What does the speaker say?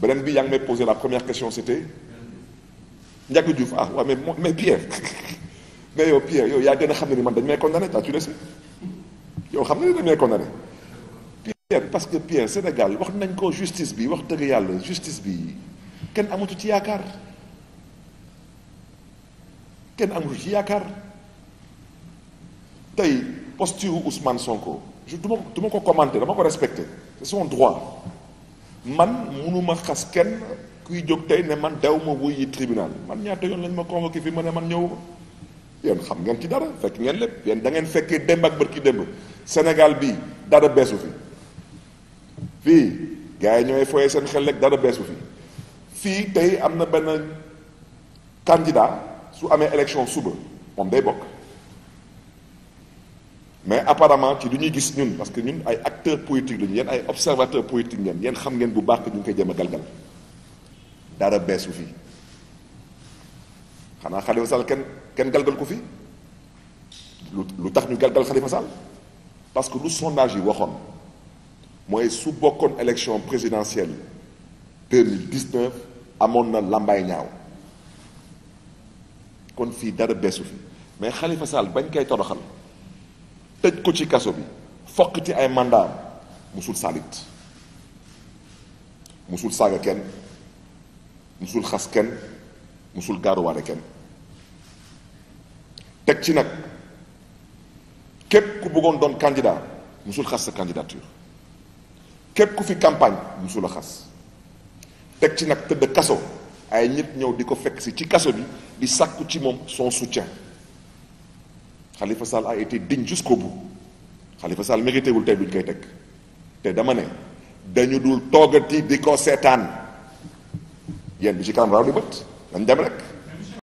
beneen bi yaa ngi may posé la première question c'était Ndiaga Diouf ah waaw mais mais Pierre mais yow Pierre yow yaa gën a xam ne ni man dañ may condamné taa tu le sais yow xam nga ni dañ may condamné Pierre parce que Pierre Sénégal wax nañ ko justice bi wax dëgg yàlla justice bi kenn amatu ci yaakaar kenn amatu ci yaakaar tey posture Ousmane Sonko je du ma du ma ko commenter dama ko respecter c'est son droit man munuma xas kenn kuy jóg tey ne man daw ma wuy yi tribunal man ñaata yoon lañ ma convoqué fi ma ne man ñëwuma yéen xam ngeen ci dara fekk ngeen lépp yéen da ngeen fekkee démb ak bërki démb Sénégal bi dara beesu fi fii gars yi ñooy foyee seen xel rek dara beesu fi fii tey am na benn candidat su amee élection suba moom day bokk mais apparemment ci lu ñuy gis ñun parce que ñun ay acteurs politiques lañu yéen ay observateurs politiques ngeen yéen xam ngeen bu baax ñu ngi koy jëm a galgal dara beesu fii xanaa Khalifa Sall kenn kenn galgal ko fi lu lu tax ñu galgal Khalifa Sall parce que lu sondage yi waxoon mooy su bokkoon élection présidentielle 2019 amoon na làmbaay ñaaw kon fii dara beesu fi mais Khalifa Sall bañ koy toroxal. tëj ko ci kaso bi foqati ay mandaa musul salit musul saaga kenn musul xas kenn musul gaaruwaale kenn teg ci nag képp ku bëggoon doon candidat musul xas sa candidature képp ku fi campagne musul a xas teg ci nag tëdd kaso ay nit ñëw di ko fekk si ci kaso bi di sàkku ci moom son soutien Khalifa Sall a été diñ jus ko bu Sall mérité wul tey duñ koy teg te dama ne dañu dul toogati di ko seetaan yéen bi ci kanam raaw li bët nañ dem rek.